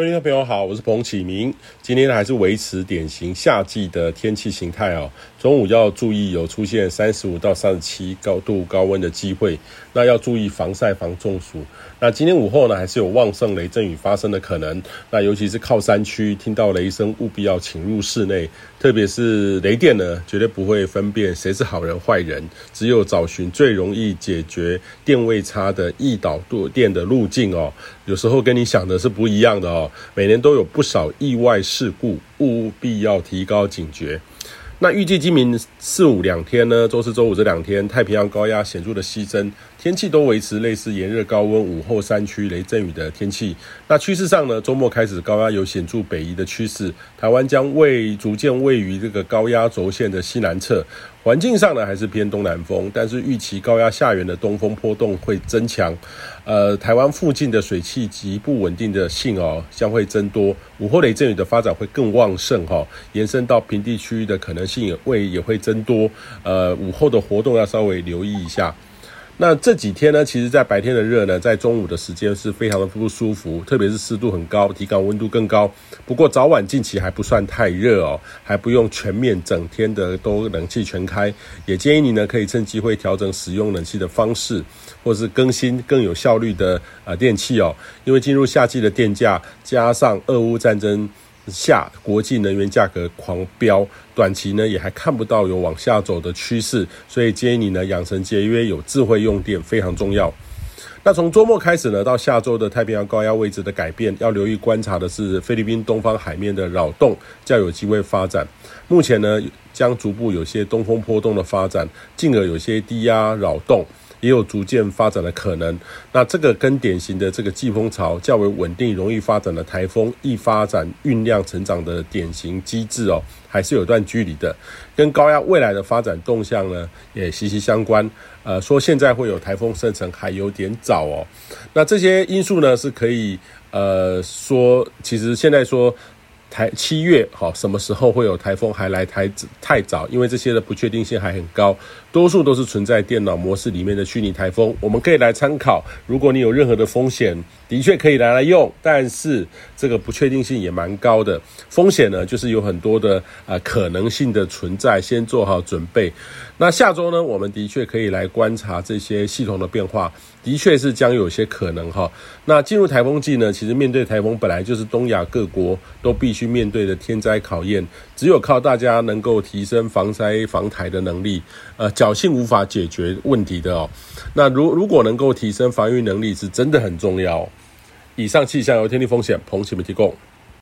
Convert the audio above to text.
各位聽眾朋友好，我是彭啟明。今天還是維持典型夏季的天氣形態哦。中午要注意有出現三十五到三十七高度高溫的機會，那要注意防曬防中暑。那今天午後呢，還是有旺盛雷陣雨發生的可能。那尤其是靠山區，聽到雷聲務必要請入室內。特別是雷電呢，絕對不會分辨誰是好人壞人，只有找尋最容易解決電位差的易導度電的路徑哦。有時候跟你想的是不一樣的哦。每年都有不少意外事故，務必要提高警覺。那預計今明四五兩天呢，週四、週五這兩天，太平洋高壓顯著的西伸，天氣都維持類似炎熱高溫、午後山區雷陣雨的天氣。那趨勢上呢，周末開始高壓有顯著北移的趨勢，台灣將位逐漸位於這個高壓軸線的西南側。環境上呢，還是偏東南風，但是預期高壓下緣的東風波動會增強，呃，台灣附近的水汽，極不穩定的性哦，將會增多，午後雷陣雨的發展會更旺盛哈、哦，延伸到平地區域的可能性也會也會增多，呃，午後的活動要稍微留意一下。那這幾天呢，其實，在白天的熱呢，在中午的時間是非常的不舒服，特別是濕度很高，體感溫度更高。不過早晚近期還不算太熱哦，還不用全面整天的都冷氣全開。也建議你呢，可以趁機會調整使用冷氣的方式，或是更新更有效率的呃電器哦。因為進入夏季的電價，加上俄烏戰爭。下國際能源價格狂飆，短期呢也還看不到有往下走的趨勢，所以建議你呢養成節約、有智慧用電非常重要。那從周末開始呢，到下周的太平洋高壓位置的改變，要留意觀察的是菲律賓東方海面的擾動，較有機會發展。目前呢將逐步有些東風波動的發展，進而有些低壓擾動。也有逐漸發展的可能，那這個跟典型的這個季風槽較為穩定、容易發展的颱風易發展、醞釀成長的典型機制哦，還是有段距離的，跟高壓未來的發展動向呢也息息相關。呃，說現在會有颱風生成還有點早哦，那這些因素呢是可以，呃，說其實現在說。台七月好，什麼時候會有台風還來台？台太早，因為這些的不確定性還很高，多數都是存在電腦模式裡面的虛擬台風，我們可以來參考。如果你有任何的風險，的確可以來來用，但是這個不確定性也蠻高的。風險呢，就是有很多的呃可能性的存在，先做好準備。那下周呢，我們的確可以來觀察這些系統的變化，的確是將有些可能哈、哦。那進入台風季呢，其實面對台風本來就是東亞各國都必須。去面對的天災考驗，只有靠大家能夠提升防災防台的能力，呃，僥倖無法解決問題的哦。那如如果能夠提升防禦能力，是真的很重要哦。以上氣象由天氣風險彭啟明提供。